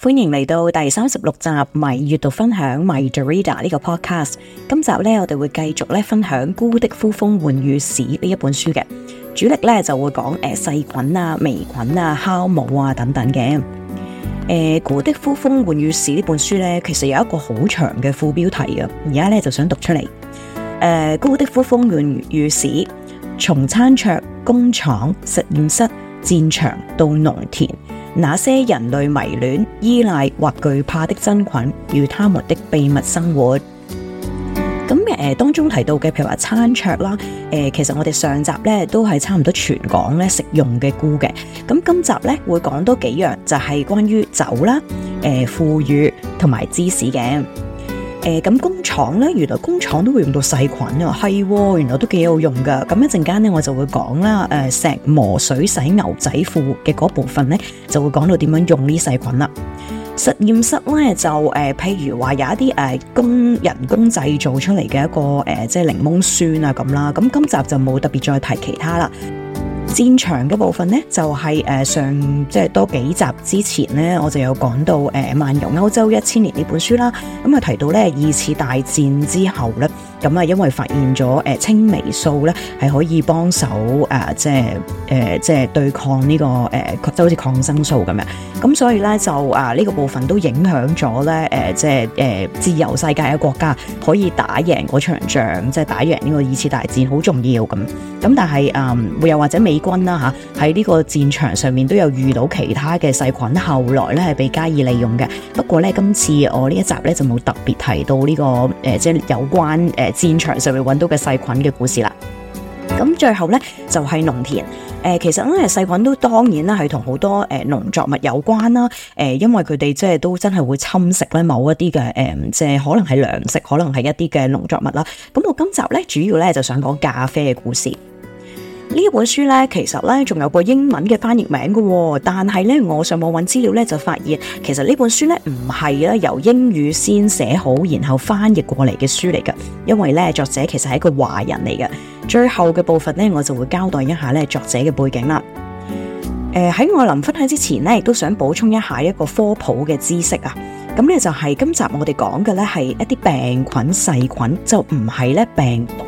歡迎嚟到第三十六集 Mic 閱讀分享 Mic the Reader 呢個 podcast。今集呢，我哋會繼續分享《菇的呼風喚雨史》呢一本書嘅主力咧，就會講誒、呃、細菌啊、微菌啊、酵母、啊、等等嘅。誒、呃，《菇的呼風喚雨史》呢本書呢，其實有一個好長嘅副標題嘅，而家咧就想讀出嚟。誒、呃，《菇的呼風喚雨史》從餐桌、工廠、實驗室、戰場到農田。那些人類迷戀、依賴或懼怕的真菌與他們的秘密生活。咁誒、呃，當中提到嘅，譬如話餐桌啦、呃，其實我哋上集呢都係差唔多全講食用嘅菇嘅。咁今集呢會講多幾樣，就係、是、關於酒啦、誒腐乳同埋芝士嘅。誒，咁、呃、工廠咧，原來工廠都會用到細菌啊，係、哦，原來都幾有用噶。咁一陣間咧，我就會講啦。誒、呃，石磨水洗牛仔褲嘅嗰部分咧，就會講到點樣用呢細菌啦。實驗室咧就誒，譬、呃、如話有一啲誒、呃、工人工製造出嚟嘅一個誒、呃，即係檸檬酸啊咁啦。咁今集就冇特別再提其他啦。戰場嘅部分呢，就係、是、誒上即係多幾集之前呢，我就有講到誒《漫遊歐洲一千年》呢本書啦。咁、嗯、啊提到咧二次大戰之後咧，咁、嗯、啊因為發現咗誒青霉素咧係可以幫手誒、啊、即係誒、呃、即係對抗呢、這個誒就好似抗生素咁樣。咁、嗯、所以咧就啊呢、這個部分都影響咗咧誒即係誒、呃、自由世界嘅國家可以打贏嗰場仗，即係打贏呢個二次大戰好重要咁。咁、嗯、但係嗯又或者未。軍啦吓，喺呢個戰場上面都有遇到其他嘅細菌，後來咧係被加以利用嘅。不過咧，今次我呢一集咧就冇特別提到呢個誒，即係有關誒戰場上面揾到嘅細菌嘅故事啦。咁最後咧就係農田誒，其實咧細菌都當然啦，係同好多誒農作物有關啦。誒，因為佢哋即係都真係會侵蝕咧某一啲嘅誒，即係可能係糧食，可能係一啲嘅農作物啦。咁我今集咧主要咧就想講咖啡嘅故事。呢本書咧，其實咧仲有個英文嘅翻譯名嘅。哦，但係咧我上網揾資料咧就發現，其實呢本書咧唔係咧由英語先寫好，然後翻譯過嚟嘅書嚟㗎，因為咧作者其實係一個華人嚟嘅。最後嘅部分咧，我就會交代一下咧作者嘅背景啦。誒、呃，喺我臨分享之前咧，亦都想補充一下一個科普嘅知識啊。咁、嗯、咧就係、是、今集我哋講嘅咧係一啲病菌、細菌就唔係咧病毒，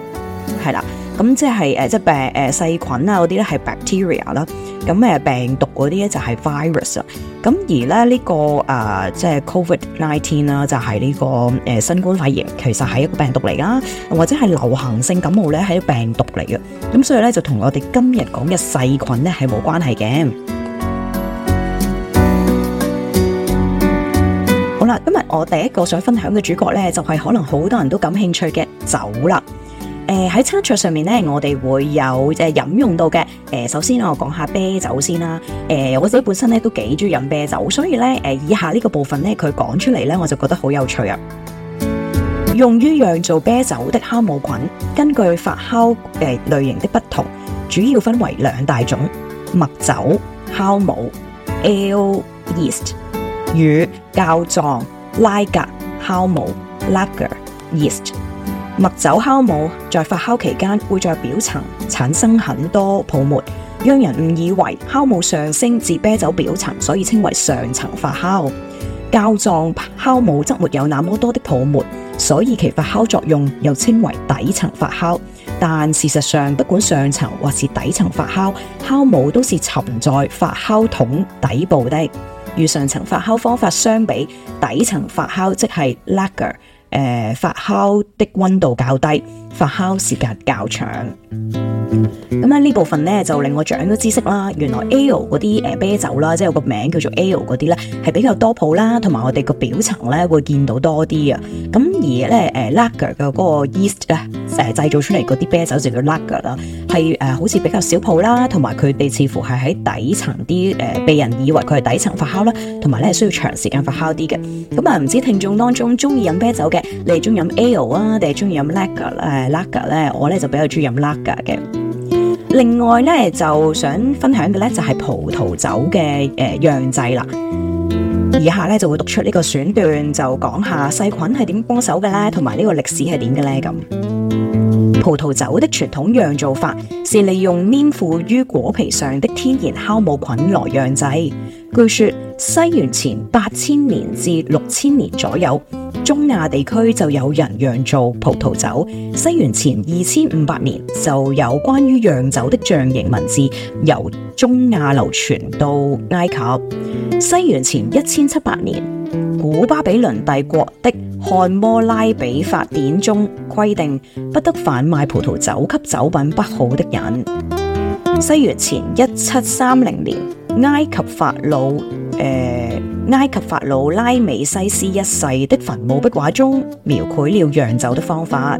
係啦。咁即係誒，即係病誒細菌啊嗰啲咧係 bacteria 啦，咁誒病毒嗰啲咧就係 virus 啊。咁而咧呢個誒即係 covid nineteen 啦，就係呢個誒新冠肺炎，其實係一個病毒嚟㗎，或者係流行性感冒咧係一個病毒嚟嘅。咁所以咧就同我哋今日講嘅細菌咧係冇關係嘅。好啦，今日我第一個想分享嘅主角咧就係可能好多人都感興趣嘅酒啦。誒，喺、呃、餐桌上面咧，我哋會有即飲用到嘅。誒、呃，首先我講下啤酒先啦、啊。誒、呃，我自己本身咧都幾中意飲啤酒，所以咧，誒，以下呢個部分咧，佢講出嚟咧，我就覺得好有趣啊。用於釀造啤酒的酵母菌，根據發酵誒類型的不同，主要分為兩大種：麥酒酵母 l e yeast） 與酵狀拉格酵母 （lager yeast）。麥酒酵母在發酵期間會在表層產生很多泡沫，讓人誤以為酵母上升至啤酒表層，所以稱為上層發酵。膠狀酵母則沒有那麼多的泡沫，所以其發酵作用又稱為底層發酵。但事實上，不管上層或是底層發酵，酵母都是沉在發酵桶底部的。與上層發酵方法相比，底層發酵即係 lager。誒、呃、發酵的溫度較低，發酵時間較長。咁咧呢部分咧就令我長咗知識啦。原來 ale 嗰啲誒啤酒啦，即係有個名叫做 ale 嗰啲咧，係比較多泡啦，同埋我哋個表層咧會見到多啲啊。咁而咧誒、呃、lager 嘅嗰個 yeast 咧。誒、呃，製造出嚟嗰啲啤酒就叫 lager 啦，係、呃、誒，好似比較小泡啦，同埋佢哋似乎係喺底層啲，誒、呃，被人以為佢係底層發酵啦，同埋咧需要長時間發酵啲嘅。咁、嗯、啊，唔知聽眾當中中意飲啤酒嘅，你哋中意飲 ale 啊，定係中意飲 lager 誒，lager 咧？我咧就比較中意飲 lager 嘅。另外咧，就想分享嘅咧就係、是、葡萄酒嘅誒釀製啦。呃以下呢就會讀出呢個選段，就講下細菌係點幫手嘅呢，同埋呢個歷史係點嘅呢咁。葡萄酒的傳統釀造法是利用黏附於果皮上的天然酵母菌來釀製。據說西元前八千年至六千年左右，中亞地區就有人釀造葡萄酒。西元前二千五百年就有關於釀酒的象形文字由中亞流傳到埃及。西元前一千七百年。古巴比倫帝國的漢摩拉比法典中規定，不得販賣葡萄酒給酒品不好的人。西元前一七三零年，埃及法老、呃、埃及法老拉美西斯一世的墳墓壁畫中描繪了釀酒的方法。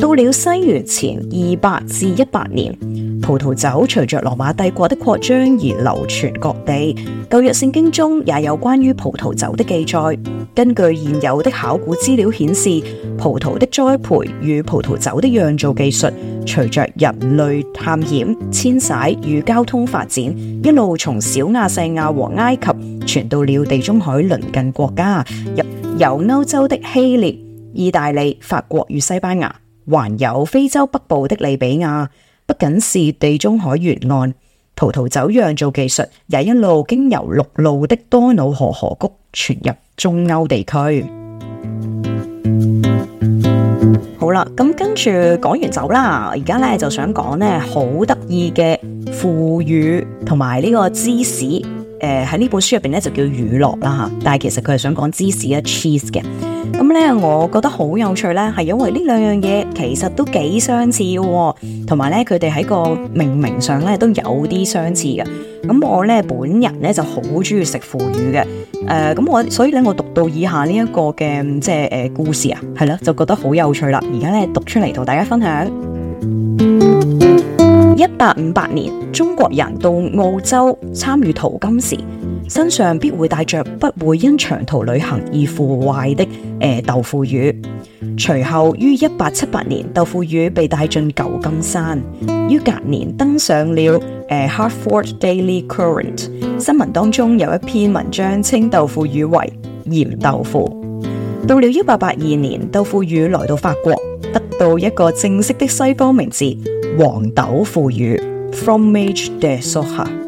到了西元前二百至一百年。葡萄酒隨着羅馬帝國的擴張而流傳各地。舊約聖經中也有關於葡萄酒的記載。根據現有的考古資料顯示，葡萄的栽培與葡萄酒的釀造技術，隨着人類探險、遷徙與交通發展，一路從小亞細亞和埃及傳到了地中海鄰近國家，由歐洲的希臘、意大利、法國與西班牙，還有非洲北部的利比亞。不僅是地中海沿岸葡萄酒釀造技術，也一路經由陸路的多瑙河河谷傳入中歐地區。好啦，咁跟住講完酒啦，而家咧就想講呢好得意嘅腐乳同埋呢個芝士，誒喺呢本書入邊咧就叫乳酪啦吓，但係其實佢係想講芝士啊 cheese 嘅。咁咧、嗯，我覺得好有趣咧，係因為呢兩樣嘢其實都幾相似嘅，同埋咧佢哋喺個命名上咧都有啲相似嘅。咁、嗯、我咧本人咧就好鍾意食腐乳嘅，咁、呃嗯、我所以咧我讀到以下呢一個嘅即係、呃、故事啊，係啦，就覺得好有趣啦。而家咧讀出嚟同大家分享，一八五八年中國人到澳洲參與淘金時，身上必會帶着不會因長途旅行而腐壞的誒、呃、豆腐乳。隨後於一八七八年，豆腐乳被帶進舊金山，於隔年登上了誒《呃、Hartford Daily Current》，新聞當中有一篇文章稱豆腐乳為鹽豆腐。到了一八八二年，豆腐乳來到法國，得到一個正式的西方名字黃豆腐乳 （Fromage de soja）。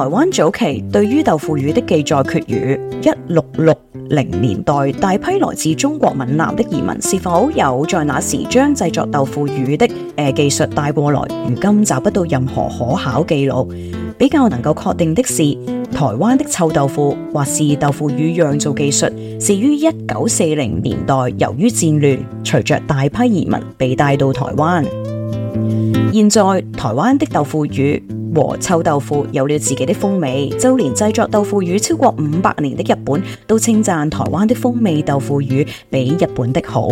台灣早期對於豆腐乳的記載缺如，一六六零年代大批來自中國閩南的移民是否有在那時將製作豆腐乳的誒、呃、技術帶過來？如今找不到任何可考記錄。比較能夠確定的是，台灣的臭豆腐或是豆腐乳釀造技術，是於一九四零年代由於戰亂，隨着大批移民被帶到台灣。現在台灣的豆腐乳和臭豆腐有了自己的風味，就連製作豆腐乳超過五百年的日本，都稱讚台灣的風味豆腐乳比日本的好。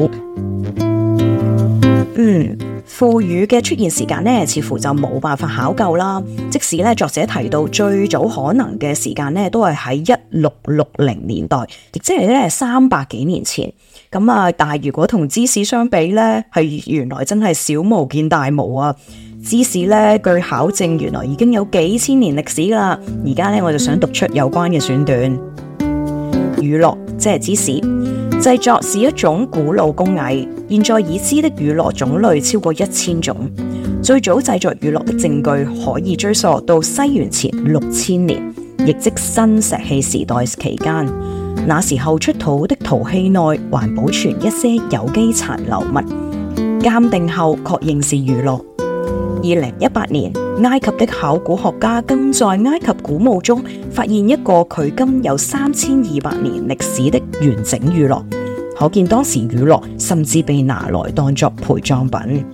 嗯，腐乳嘅出現時間呢，似乎就冇辦法考究啦。即使呢，作者提到最早可能嘅時間呢，都係喺一六六零年代，亦即係呢三百幾年前。咁啊！但係如果同芝士相比呢，係原來真係小巫見大巫啊！芝士呢，據考證原來已經有幾千年歷史啦。而家呢，我就想讀出有關嘅選段。乳酪即係芝士，製作是一種古老工藝。現在已知的乳酪種類超過一千種。最早製作乳酪的證據可以追溯到西元前六千年，亦即新石器時代期間。那時候出土的陶器內還保存一些有機殘留物，鑑定後確認是乳酪。二零一八年，埃及的考古學家更在埃及古墓中發現一個距今有三千二百年歷史的完整乳酪，可見當時乳酪甚至被拿來當作陪葬品。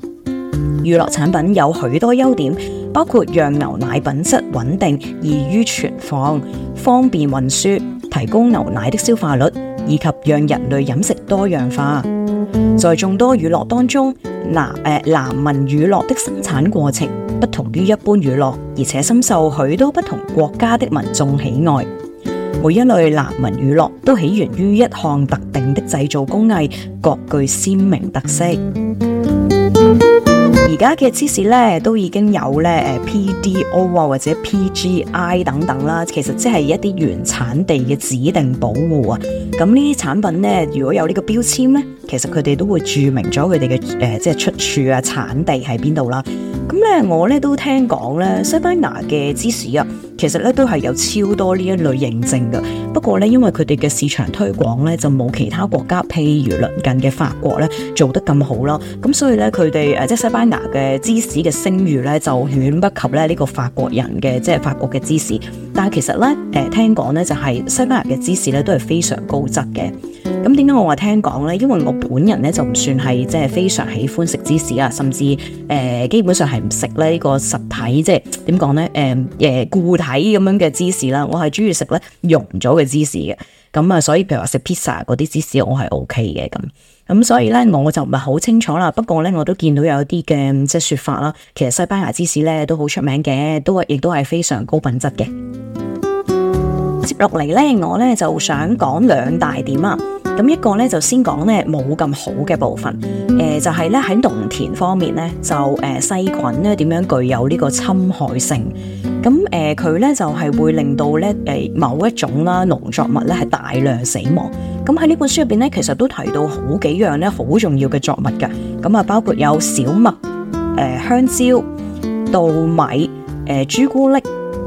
乳酪產品有許多優點，包括讓牛奶品質穩定、易於存放、方便運輸。提供牛奶的消化率，以及讓人類飲食多樣化。在眾多乳酪當中，南誒、南紋乳酪的生產過程不同於一般乳酪，而且深受許多不同國家的民眾喜愛。每一類南紋乳酪都起源於一項特定的製造工藝，各具鮮明特色。而家嘅芝士咧都已經有咧誒 PDO 啊或者 PGI 等等啦，其實即係一啲原產地嘅指定保護啊。咁呢啲產品咧如果有呢個標籤咧，其實佢哋都會注明咗佢哋嘅誒即係出處啊產地喺邊度啦。咁咧我咧都聽講咧西班牙嘅芝士啊。其實咧都係有超多呢一類認證㗎，不過咧因為佢哋嘅市場推廣咧就冇其他國家譬如鄰近嘅法國咧做得咁好啦，咁所以咧佢哋誒即係西班牙嘅芝士嘅聲譽咧就遠不及咧呢個法國人嘅即係法國嘅芝士，但係其實咧誒、呃、聽講咧就係西班牙嘅芝士咧都係非常高質嘅，咁點解我話聽講咧？因為我本人咧就唔算係即係非常喜歡食芝士啊，甚至誒、呃、基本上係唔食咧呢個實體即係點講咧？誒誒、呃、固。睇咁樣嘅芝士啦，我係中意食咧溶咗嘅芝士嘅，咁啊，所以譬如話食 pizza 嗰啲芝士，我係 OK 嘅咁，咁所以咧我就唔係好清楚啦。不過咧，我都見到有啲嘅即係說法啦。其實西班牙芝士咧都好出名嘅，都係亦都係非常高品質嘅。接落嚟咧，我咧就想講兩大點啊。咁一個咧就先講咧冇咁好嘅部分。就係咧喺農田方面咧就誒細菌咧點樣具有呢個侵害性咁，誒佢咧就係、是、會令到咧誒、呃、某一種啦農作物咧係大量死亡咁，喺呢本書入邊咧其實都提到好幾樣咧好重要嘅作物嘅，咁啊包括有小麥誒、呃、香蕉稻米、誒朱古力、誒、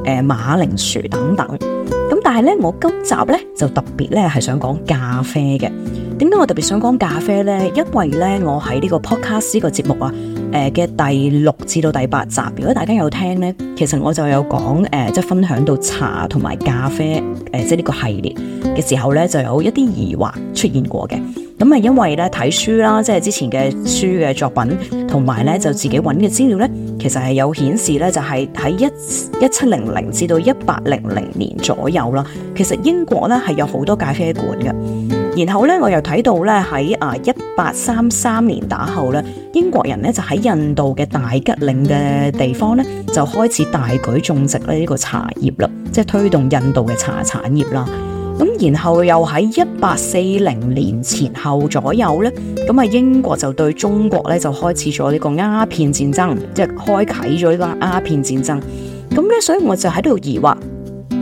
呃、馬鈴薯等等。但係呢，我今集呢就特別呢係想講咖啡嘅。點解我特別想講咖啡呢？因為呢，我喺呢個 podcast 個節目啊，嘅第六至到第八集，如果大家有聽呢，其實我就有講即、呃就是、分享到茶同埋咖啡誒，即、呃、呢、就是、個系列嘅時候呢，就有一啲疑惑出現過嘅。咁啊，因為呢睇書啦，即、就、係、是、之前嘅書嘅作品，同埋呢就自己搵啲資料呢。其實係有顯示咧，就係喺一一七零零至到一八零零年左右啦。其實英國咧係有好多咖啡館嘅。然後咧，我又睇到咧喺啊一八三三年打後咧，英國人咧就喺印度嘅大吉嶺嘅地方咧，就開始大舉種植呢個茶葉啦，即係推動印度嘅茶產業啦。然後又喺一八四零年前後左右咧，英國就對中國呢，就開始咗呢個鴉片戰爭，即係開啟咗呢個鴉片戰爭。咁咧所以我就喺度疑惑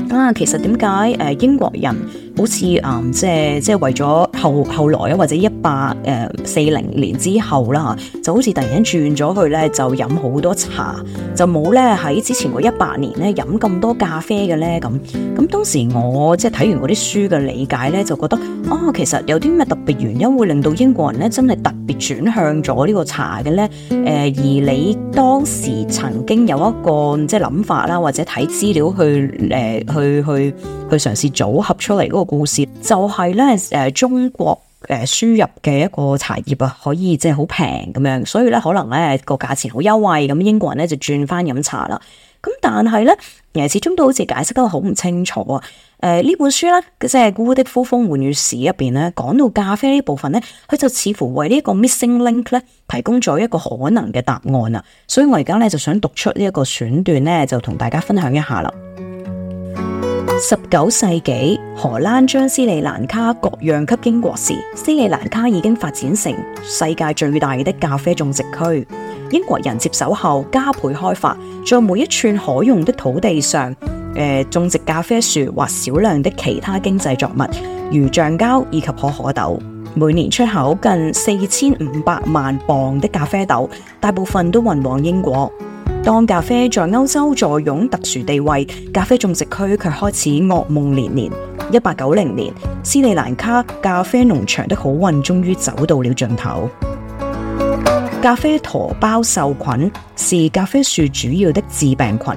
啊，其實點解英國人？好似啊、嗯，即係即係為咗後後來啊，或者一八誒四零年之後啦，就好似突然間轉咗去咧，就飲好多茶，就冇咧喺之前一百年咧飲咁多咖啡嘅咧咁。咁當時我即係睇完啲書嘅理解咧，就覺得啊、哦，其實有啲咩特別原因會令到英國人咧真係特別轉向咗呢個茶嘅咧？誒、呃，而你當時曾經有一個即係諗法啦，或者睇資料去誒、呃、去去去嘗試組合出嚟、嗰個。故事就係咧誒，中國誒輸入嘅一個茶葉啊，可以即係好平咁樣，所以咧可能咧個價錢好優惠咁，英國人咧就轉翻飲茶啦。咁但係咧，誒始終都好似解釋得好唔清楚啊。誒、呃、呢本書咧，即係《菇的呼風喚雨史》入邊咧，講到咖啡呢部分咧，佢就似乎為呢一個 missing link 咧提供咗一個可能嘅答案啊。所以我而家咧就想讀出呢一個選段咧，就同大家分享一下啦。十九世紀，荷蘭將斯里蘭卡割讓給英國時，斯里蘭卡已經發展成世界最大的咖啡種植區。英國人接手後加倍開發，在每一寸可用的土地上，誒、呃、種植咖啡樹或少量的其他經濟作物，如橡膠以及可可豆。每年出口近四千五百萬磅的咖啡豆，大部分都運往英國。當咖啡在歐洲坐擁特殊地位，咖啡種植區卻開始噩夢連連。一八九零年，斯里蘭卡咖啡農場的好運終於走到了盡頭。咖啡駝孢銹菌是咖啡樹主要的致病菌，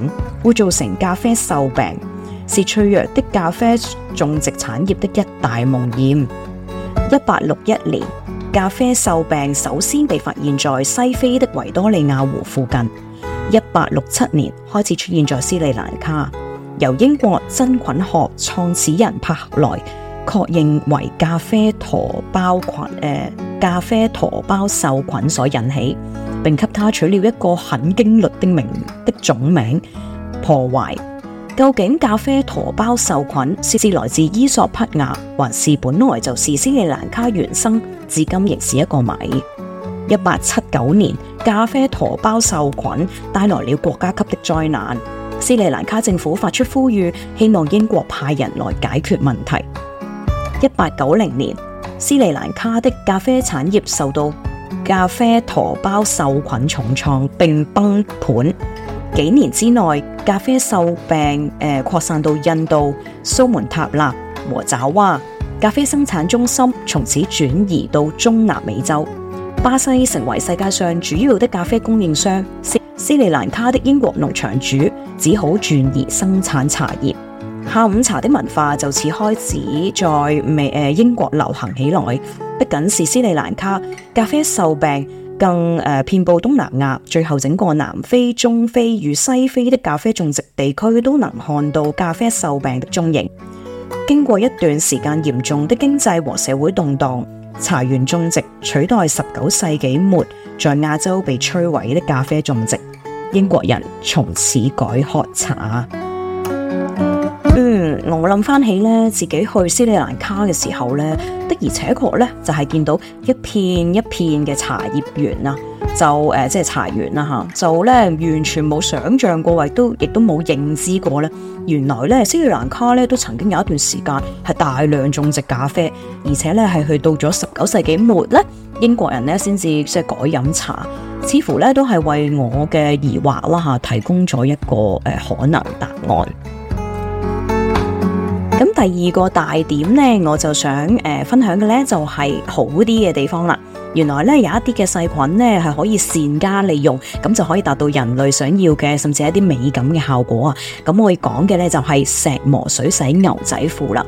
會造成咖啡銹病，是脆弱的咖啡種植產業的一大夢魘。一八六一年，咖啡銹病首先被發現在西非的維多利亞湖附近。一八六七年開始出現在斯里蘭卡，由英國真菌學創始人帕克萊確認為咖啡駝孢菌誒、呃、咖啡駝孢受菌所引起，並給他取了一個很經律的名的種名破壞。究竟咖啡駝孢受菌是來自伊索匹亞，還是本來就是斯里蘭卡原生，至今仍是一個謎。一八七九年，咖啡駝孢受菌帶來了國家級的災難。斯里蘭卡政府發出呼籲，希望英國派人來解決問題。一八九零年，斯里蘭卡的咖啡產業受到咖啡駝孢受菌重創並崩盤。幾年之內，咖啡受病誒呃、擴散到印度、蘇門答臘和爪哇，咖啡生產中心從此轉移到中南美洲。巴西成為世界上主要的咖啡供應商，斯里蘭卡的英國農場主只好轉移生產茶葉。下午茶的文化就此開始在美英國流行起來。不僅是斯里蘭卡咖啡銹病，更、呃、遍布東南亞。最後，整個南非、中非與西非的咖啡種植地區都能看到咖啡銹病的蹤影。經過一段時間嚴重的經濟和社會動蕩。茶園種植取代十九世紀末在亞洲被摧毀的咖啡種植，英國人從此改喝茶。嗯，我諗翻起咧，自己去斯里蘭卡嘅時候咧，的而且確咧就係、是、見到一片一片嘅茶葉園啊。就誒、呃，即係茶園啦吓，就咧完全冇想象過，亦都亦都冇認知過咧，原來咧斯里蘭卡咧都曾經有一段時間係大量種植咖啡，而且咧係去到咗十九世紀末咧，英國人咧先至即係改飲茶，似乎咧都係為我嘅疑惑啦吓提供咗一個誒、呃、可能答案。咁第二個大點咧，我就想誒、呃、分享嘅咧就係、是、好啲嘅地方啦。原來咧有一啲嘅細菌咧係可以善加利用，咁就可以達到人類想要嘅甚至一啲美感嘅效果啊！咁我講嘅咧就係、是、石磨水洗牛仔褲啦。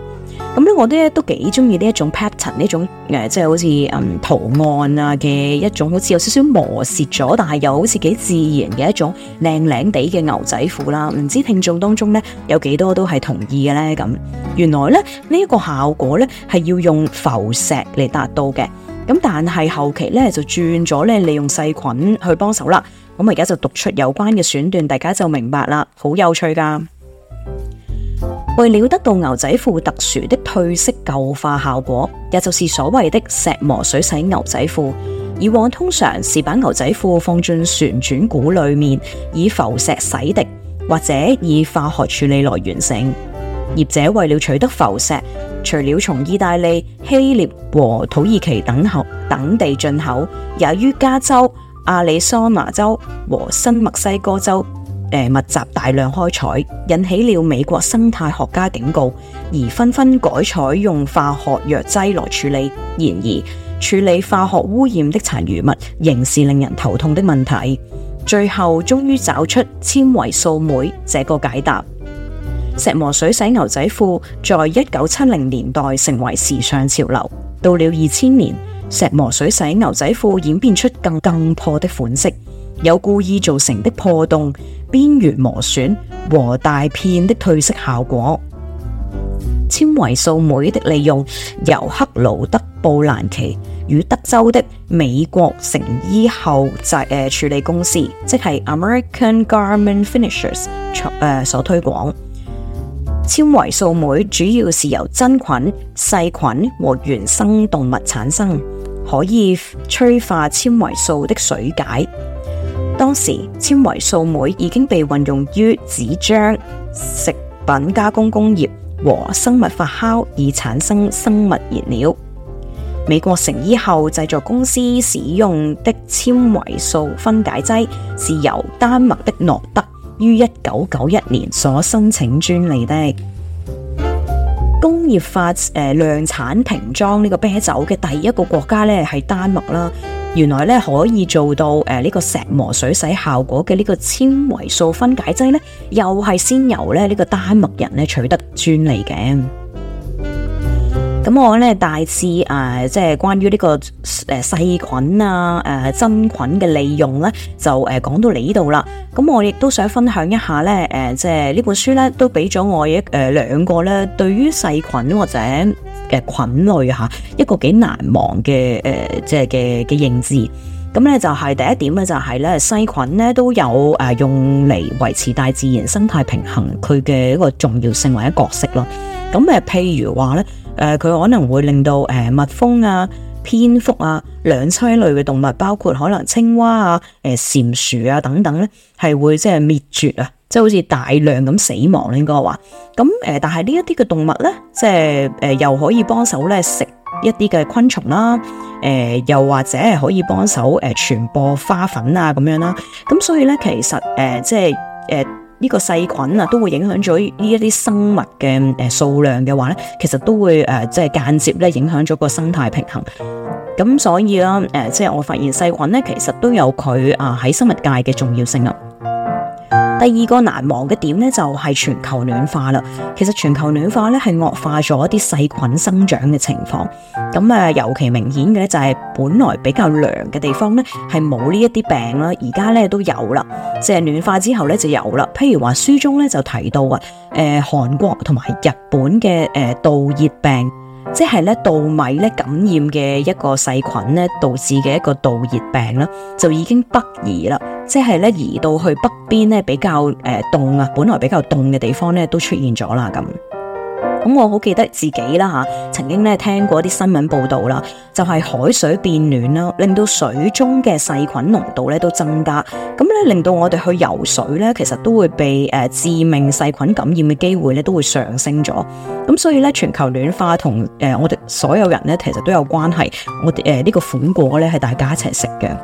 咁咧我哋都幾中意呢一種 pattern 呢種誒、呃，即係好似嗯圖案啊嘅一種，好似有少少磨蝕咗，但係又好似幾自然嘅一種靚靚地嘅牛仔褲啦。唔知聽眾當中咧有幾多都係同意嘅咧？咁原來咧呢一、這個效果咧係要用浮石嚟達到嘅。咁但係後期咧就轉咗咧利用細菌去幫手啦，咁而家就讀出有關嘅選段，大家就明白啦，好有趣噶。為了得到牛仔褲特殊的褪色舊化效果，也就是所謂的石磨水洗牛仔褲，以往通常是把牛仔褲放進旋轉鼓裏面，以浮石洗滌，或者以化學處理來完成。業者為了取得浮石，除了從意大利、希臘和土耳其等、等地進口，也於加州、亞利桑那州和新墨西哥州、呃、密集大量開採，引起了美國生態學家警告，而紛紛改採用化學藥劑來處理。然而，處理化學污染的殘餘物仍是令人頭痛的問題。最後，終於找出纖維素酶這個解答。石磨水洗牛仔褲在一九七零年代成為時尚潮流。到了二千年，石磨水洗牛仔褲演變出更更破的款式，有故意造成的破洞、邊緣磨損和大片的褪色效果。纖維素酶的利用由克勞德布蘭奇與德州的美國成衣後宅誒處理公司，即係 American Garment Finishers，所、呃、所推廣。纖維素酶主要是由真菌、細菌和原生動物產生，可以催化纖維素的水解。當時，纖維素酶已經被運用於紙漿、食品加工工業和生物發酵以產生生物燃料。美國成衣後製作公司使用的纖維素分解劑是由丹麥的諾德於一九九一年所申請專利的工業化誒、呃、量產瓶裝，呢個啤酒嘅第一個國家呢係丹麥啦。原來呢可以做到誒呢、呃呢個石磨水洗效果嘅呢個纖維素分解劑呢，又係先由咧呢、呢個丹麥人呢取得專利嘅。咁我咧大致誒、啊，即係關於呢個誒細菌啊誒、啊、真菌嘅利用咧，就誒講到嚟呢度啦。咁我亦都想分享一下咧，誒、啊、即係呢本書咧都俾咗我一誒兩、啊、個咧，對於細菌或者誒菌類吓、啊、一個幾難忘嘅誒、啊、即係嘅嘅認知。咁咧就係第一點咧，就係咧細菌咧都有誒用嚟維持大自然生態平衡，佢嘅一個重要性或者角色咯。咁誒譬如話咧。誒，佢、呃、可能會令到誒、呃、蜜蜂啊、蝙蝠啊、兩棲類嘅動物，包括可能青蛙啊、誒蟾蜍啊等等咧，係會即係滅絕啊，即係好似大量咁死亡咧，應該話。咁誒、呃，但係呢一啲嘅動物咧，即係誒、呃、又可以幫手咧食一啲嘅昆蟲啦、啊，誒、呃、又或者係可以幫手誒傳播花粉啊咁樣啦。咁所以咧，其實誒、呃、即係誒。呃呢個細菌啊，都會影響咗呢一啲生物嘅誒數量嘅話咧，其實都會誒即係間接咧影響咗個生態平衡。咁所以啦，誒、呃、即係我發現細菌咧，其實都有佢啊喺生物界嘅重要性啦。第二個難忘嘅點呢，就係全球暖化啦。其實全球暖化呢，係惡化咗一啲細菌生長嘅情況。咁誒，尤其明顯嘅咧就係本來比較涼嘅地方呢，係冇呢一啲病啦，而家呢，都有啦。即係暖化之後呢，就有啦。譬如話書中咧就提到啊，誒、呃、韓國同埋日本嘅誒稻熱病，即係咧稻米咧感染嘅一個細菌呢，導致嘅一個稻熱病啦，就已經北移啦。即係咧移到去北邊咧比較誒凍啊，本來比較凍嘅地方咧都出現咗啦咁。咁我好記得自己啦吓、啊，曾經咧聽過一啲新聞報道啦，就係、是、海水變暖啦，令到水中嘅細菌濃度咧都增加，咁咧令到我哋去游水咧，其實都會被誒致命細菌感染嘅機會咧都會上升咗。咁所以咧，全球暖化同誒、呃、我哋所有人咧其實都有關係。我哋誒呢個苦果咧係大家一齊食嘅。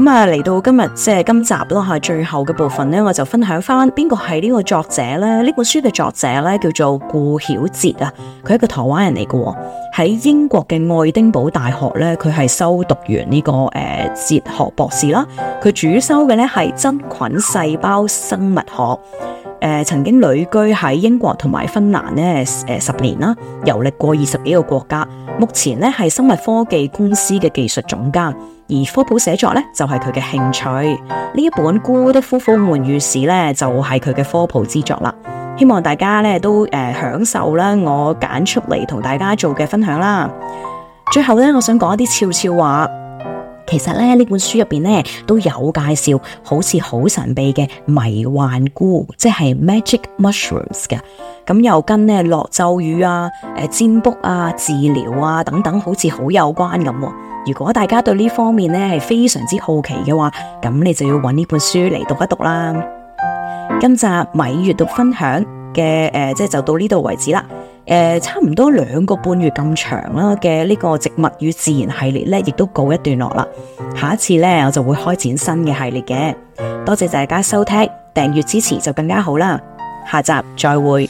咁啊，嚟到今日即今集咯，係最後嘅部分咧，我就分享翻邊個係呢個作者咧？呢本書嘅作者咧叫做顧曉哲啊，佢係一個台灣人嚟嘅。喺英國嘅愛丁堡大學咧，佢係修讀完呢、這個誒、呃、哲學博士啦。佢主修嘅咧係真菌細胞生物學。誒、呃，曾經旅居喺英國同埋芬蘭呢誒、呃、十年啦，遊歷過二十幾個國家。目前咧係生物科技公司嘅技術總監，而科普寫作咧就係佢嘅興趣。呢一本《菇的呼風喚雨史》咧就係佢嘅科普之作啦。希望大家咧都誒、呃、享受啦，我揀出嚟同大家做嘅分享啦。最後咧，我想講一啲悄悄話。其實咧呢本書入邊咧都有介紹，好似好神秘嘅迷幻菇，即係 magic mushrooms 嘅。咁又跟咧落咒語啊、誒占卜啊、治療啊等等，好似好有關咁。如果大家對呢方面咧係非常之好奇嘅話，咁你就要搵呢本書嚟讀一讀啦。今集米閱讀分享嘅，誒，即、呃、係就，就到呢度為止啦。誒、呃，差唔多兩個半月咁長啦嘅呢個植物與自然系列咧，亦都告一段落啦。下一次咧，我就會開展新嘅系列嘅。多謝大家收聽，訂閱支持就更加好啦。下集再會。